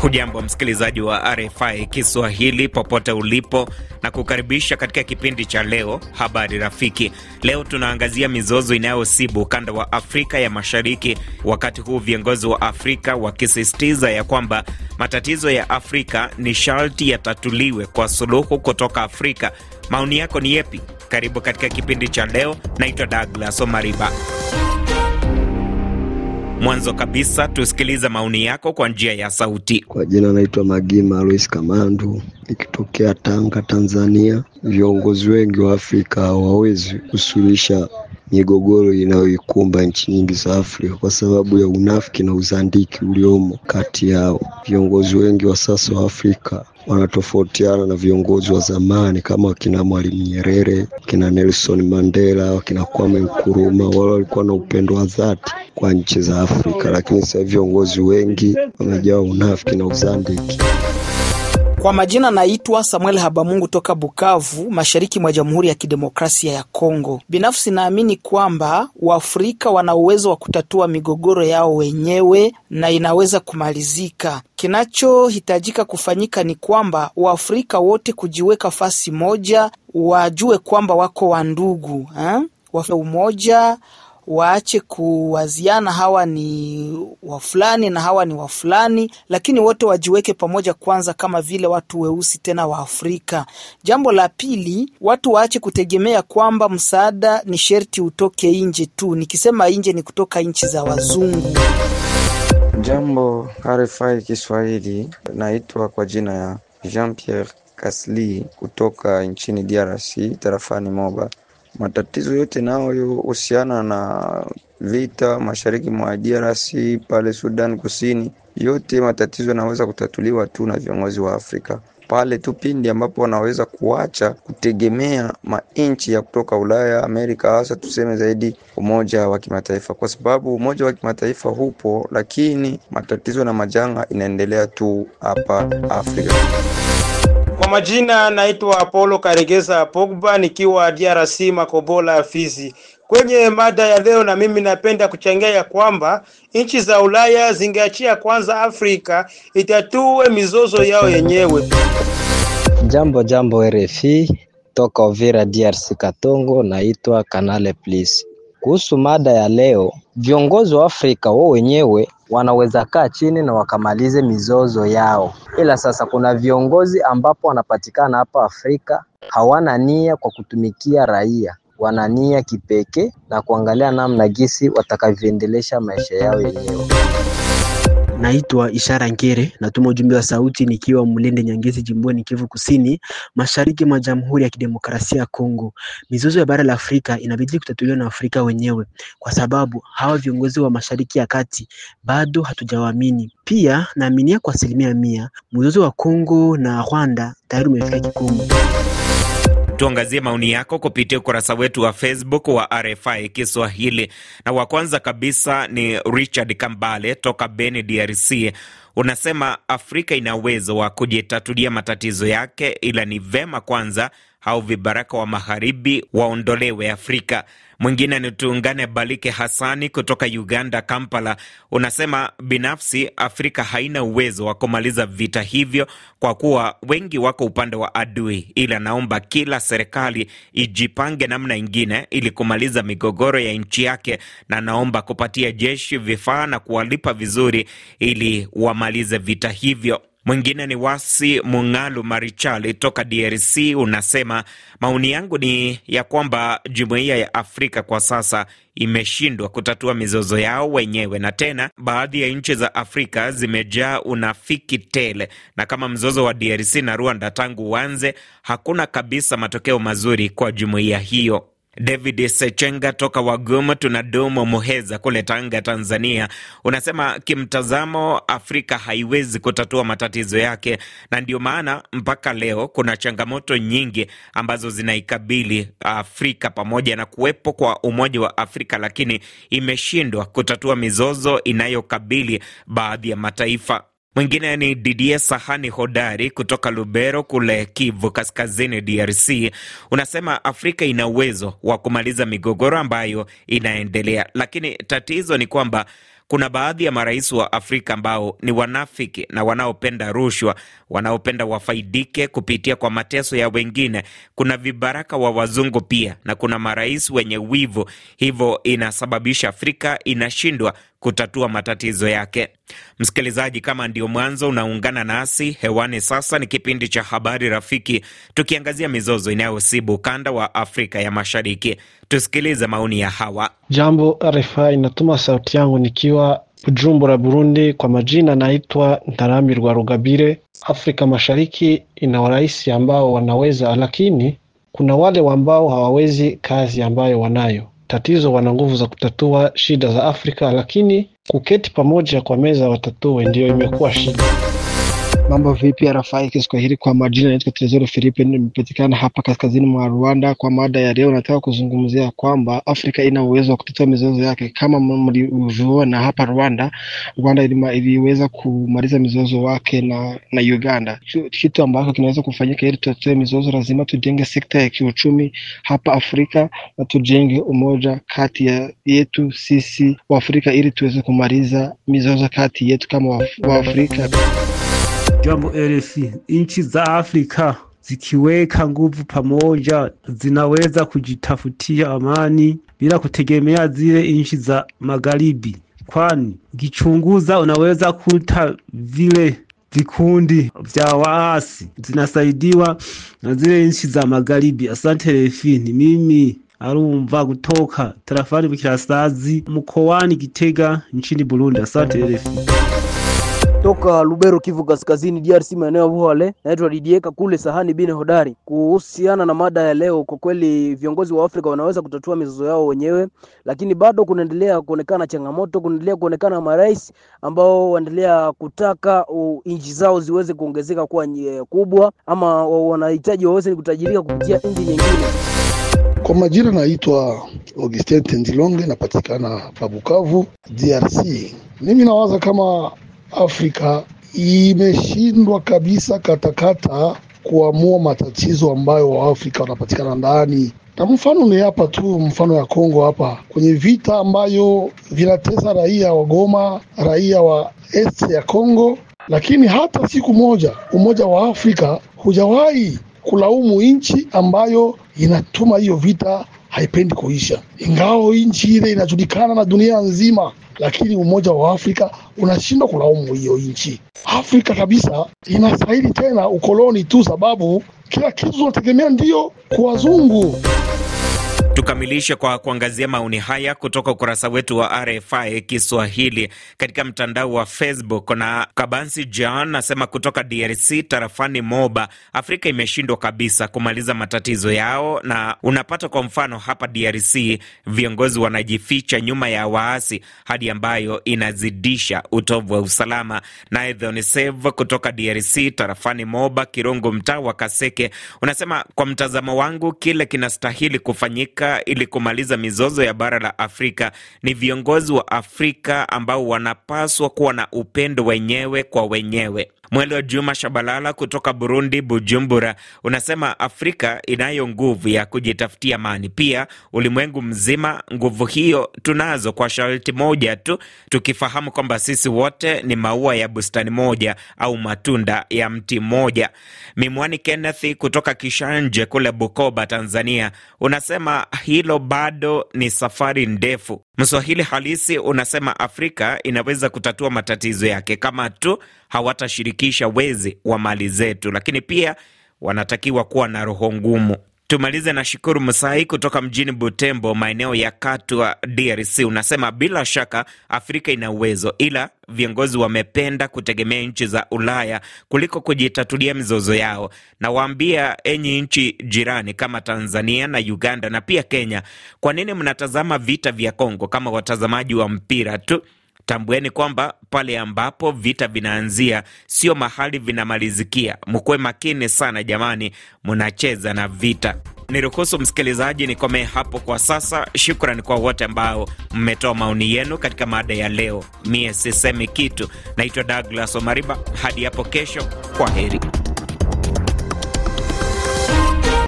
Hujambo msikilizaji wa RFI Kiswahili popote ulipo, na kukaribisha katika kipindi cha leo, habari rafiki. Leo tunaangazia mizozo inayosibu ukanda wa Afrika ya Mashariki, wakati huu viongozi wa Afrika wakisisitiza ya kwamba matatizo ya Afrika ni sharti yatatuliwe kwa suluhu kutoka Afrika. Maoni yako ni yepi? Karibu katika kipindi cha leo. Naitwa Douglas Omariba. Mwanzo kabisa tusikiliza maoni yako kwa njia ya sauti. Kwa jina naitwa Magima Alois Kamandu, ikitokea Tanga, Tanzania. Viongozi wengi wa Afrika hawawezi kusuluhisha migogoro inayoikumba nchi nyingi za Afrika kwa sababu ya unafiki na uzandiki uliomo kati yao. Viongozi wengi wa sasa wa Afrika wanatofautiana na viongozi wa zamani kama wakina Mwalimu Nyerere, wakina Nelson Mandela, wakina Kwame Nkrumah. Wale walikuwa na upendo wa dhati kwa nchi za Afrika, lakini sasa viongozi wengi wamejaa unafiki na uzandiki. Kwa majina naitwa Samuel Habamungu toka Bukavu, mashariki mwa Jamhuri ya Kidemokrasia ya Kongo. Binafsi naamini kwamba Waafrika wana uwezo wa kutatua migogoro yao wenyewe na inaweza kumalizika. Kinachohitajika kufanyika ni kwamba Waafrika wote kujiweka fasi moja, wajue kwamba wako wandugu eh? Wafe umoja waache kuwaziana, hawa ni wafulani na hawa ni wafulani, lakini wote wajiweke pamoja kwanza kama vile watu weusi tena wa Afrika. Jambo la pili, watu waache kutegemea kwamba msaada ni sherti utoke nje tu. Nikisema nje ni kutoka nchi za wazungu. Jambo RFI Kiswahili, naitwa kwa jina ya Jean Pierre Kasli kutoka nchini DRC tarafani Moba matatizo yote husiana na vita mashariki mwa DRC pale Sudan Kusini, yote matatizo yanaweza kutatuliwa tu na viongozi wa Afrika pale tu pindi ambapo wanaweza kuacha kutegemea manchi ya kutoka Ulaya, Amerika, hasa tuseme zaidi umoja wa kimataifa, kwa sababu umoja wa kimataifa hupo, lakini matatizo na majanga inaendelea tu hapa Afrika. Kwa majina naitwa Apollo Karegeza Pogba nikiwa DRC Makobola Fizi. Kwenye mada ya leo, na mimi napenda kuchangia ya kwamba nchi za Ulaya zingeachia kwanza Afrika itatue mizozo yao yenyewe. Jambo jambo RFI toka Uvira DRC Katongo, naitwa Kanale Please. Kuhusu mada ya leo, viongozi wa Afrika wao wenyewe wanaweza kaa chini na wakamalize mizozo yao, ila sasa kuna viongozi ambapo wanapatikana hapa Afrika hawana nia kwa kutumikia raia, wana nia kipekee na kuangalia namna gisi watakavyoendelesha maisha yao yenyewe. Naitwa Ishara Ngere, natuma ujumbe wa sauti nikiwa mlende Nyangezi, jimboni Kivu Kusini, mashariki mwa Jamhuri ya Kidemokrasia ya Kongo. Mizozo ya bara la Afrika inabidi kutatuliwa na Afrika wenyewe, kwa sababu hawa viongozi wa mashariki ya kati bado hatujawaamini. Pia naaminia kwa asilimia mia mzozo wa Kongo na Rwanda tayari umefika kikomo. Tuangazie maoni yako kupitia ukurasa wetu wa Facebook wa RFI Kiswahili, na wa kwanza kabisa ni Richard Kambale toka Beni, DRC. Unasema Afrika ina uwezo wa kujitatulia matatizo yake, ila ni vema kwanza au vibaraka wa magharibi waondolewe Afrika. Mwingine ni tuungane Balike Hasani kutoka Uganda, Kampala. Unasema binafsi, Afrika haina uwezo wa kumaliza vita hivyo kwa kuwa wengi wako upande wa adui, ila naomba kila serikali ijipange namna ingine ili kumaliza migogoro ya nchi yake, na naomba kupatia jeshi vifaa na kuwalipa vizuri ili wamalize vita hivyo. Mwingine ni Wasi Mungalu Marichali toka DRC, unasema maoni yangu ni ya kwamba jumuiya ya Afrika kwa sasa imeshindwa kutatua mizozo yao wenyewe, na tena baadhi ya nchi za Afrika zimejaa unafiki tele, na kama mzozo wa DRC na Rwanda tangu uanze, hakuna kabisa matokeo mazuri kwa jumuiya hiyo. David Sechenga toka Wagumu tunadumu Muheza kule Tanga, Tanzania, unasema kimtazamo, Afrika haiwezi kutatua matatizo yake, na ndio maana mpaka leo kuna changamoto nyingi ambazo zinaikabili Afrika pamoja na kuwepo kwa Umoja wa Afrika, lakini imeshindwa kutatua mizozo inayokabili baadhi ya mataifa. Mwingine ni Didier Sahani hodari kutoka Lubero kule Kivu Kaskazini, DRC. Unasema Afrika ina uwezo wa kumaliza migogoro ambayo inaendelea, lakini tatizo ni kwamba kuna baadhi ya marais wa Afrika ambao ni wanafiki na wanaopenda rushwa, wanaopenda wafaidike kupitia kwa mateso ya wengine. Kuna vibaraka wa wazungu pia, na kuna marais wenye wivu, hivyo inasababisha Afrika inashindwa kutatua matatizo yake. Msikilizaji, kama ndio mwanzo unaungana nasi hewani sasa, ni kipindi cha Habari Rafiki, tukiangazia mizozo inayosibu ukanda wa Afrika ya Mashariki. Tusikilize maoni ya hawa. Jambo RFI, inatuma sauti yangu nikiwa Bujumbura, Burundi. Kwa majina naitwa Ntaramirwa Rugabire. Afrika Mashariki ina warahisi ambao wanaweza, lakini kuna wale ambao hawawezi kazi ambayo wanayo tatizo, wana nguvu za kutatua shida za Afrika, lakini kuketi pamoja kwa meza watatue ndiyo imekuwa shida. Mambo vipi, RFI Kiswahili, kwa majina naitwa Tresor Filipe, nimepatikana hapa kaskazini mwa Rwanda. Kwa mada ya leo, nataka kuzungumzia kwamba Afrika ina uwezo wa kutatua mizozo yake. Kama mlivyoona hapa Rwanda, Rwanda iliweza kumaliza mizozo wake na, na Uganda. Kitu ambacho kinaweza kufanyika ili tutatue mizozo, lazima tujenge sekta ya kiuchumi hapa Afrika na tujenge umoja kati ya yetu sisi wa afrika ili tuweze kumaliza mizozo kati yetu kama Waafrika wa Jambo RFI, nchi za Afrika zikiweka nguvu pamoja zinaweza kujitafutia amani bila kutegemea zile nchi za magharibi, kwani ukichunguza unaweza kuta vile vikundi vya waasi zinasaidiwa na zile nchi za magharibi. Asante RFI, ni mimi Arumva kutoka tarafani Bukirasazi mkoani Gitega nchini Burundi. Asante RFI. Toka Lubero, Kivu Kaskazini, DRC, maeneo ya Buhale. Naitwa Didieka kule Sahani Bine Hodari. Kuhusiana na mada ya leo, kwa kweli viongozi wa Afrika wanaweza kutatua mizozo yao wenyewe, lakini bado kunaendelea kuonekana changamoto, kunaendelea kuonekana marais ambao waendelea kutaka nchi zao ziweze kuongezeka kuwa kubwa, ama wanahitaji waweze kutajirika kupitia nchi nyingine. Kwa majina naitwa Augustin Tendilonge, napatikana pa Bukavu, DRC. Mimi nawaza kama Afrika imeshindwa kabisa katakata kuamua matatizo ambayo Waafrika wanapatikana ndani na mfano ni hapa tu, mfano ya Kongo hapa kwenye vita ambayo vinatesa raia wa Goma, raia wa est ya Kongo, lakini hata siku moja Umoja wa Afrika hujawahi kulaumu nchi ambayo inatuma hiyo vita haipendi kuisha, ingawa nchi ile inajulikana na dunia nzima, lakini Umoja wa Afrika unashindwa kulaumu hiyo nchi. Afrika kabisa inastahili tena ukoloni tu, sababu kila kitu tunategemea ndio kwa wazungu. Tukamilishe kwa kuangazia maoni haya kutoka ukurasa wetu wa RFI Kiswahili katika mtandao wa Facebook. Na Kabansi John nasema kutoka DRC, tarafani Moba, Afrika imeshindwa kabisa kumaliza matatizo yao, na unapata kwa mfano hapa DRC viongozi wanajificha nyuma ya waasi, hadi ambayo inazidisha utovu wa usalama. Naye Dhonisev kutoka DRC, tarafani Moba, kirungu mtaa wa Kaseke, unasema kwa mtazamo wangu kile kinastahili kufanyika Afrika ili kumaliza mizozo ya bara la Afrika ni viongozi wa Afrika ambao wanapaswa kuwa na upendo wenyewe kwa wenyewe wa Juma Shabalala kutoka Burundi, Bujumbura, unasema Afrika inayo nguvu ya kujitafutia amani, pia ulimwengu mzima. Nguvu hiyo tunazo kwa sharti moja tu, tukifahamu kwamba sisi wote ni maua ya bustani moja au matunda ya mti mmoja. Mimwani Kenneth kutoka Kishanje kule Bukoba, Tanzania, unasema hilo bado ni safari ndefu. Mswahili halisi unasema Afrika inaweza kutatua matatizo yake kama tu hawatashirikisha wezi wa mali zetu, lakini pia wanatakiwa kuwa na roho ngumu. Tumalize na Shukuru Musai kutoka mjini Butembo, maeneo ya Katwa, DRC. Unasema bila shaka Afrika ina uwezo, ila viongozi wamependa kutegemea nchi za Ulaya kuliko kujitatulia mizozo yao. Nawaambia enyi nchi jirani kama Tanzania na Uganda na pia Kenya, kwa nini mnatazama vita vya Kongo kama watazamaji wa mpira tu? Tambueni kwamba pale ambapo vita vinaanzia sio mahali vinamalizikia. Mkuwe makini sana jamani, munacheza na vita. Niruhusu msikilizaji nikomee hapo kwa sasa. Shukrani kwa wote ambao mmetoa maoni yenu katika mada ya leo. Mie sisemi kitu, naitwa Douglas Omariba. Hadi hapo kesho, kwa heri.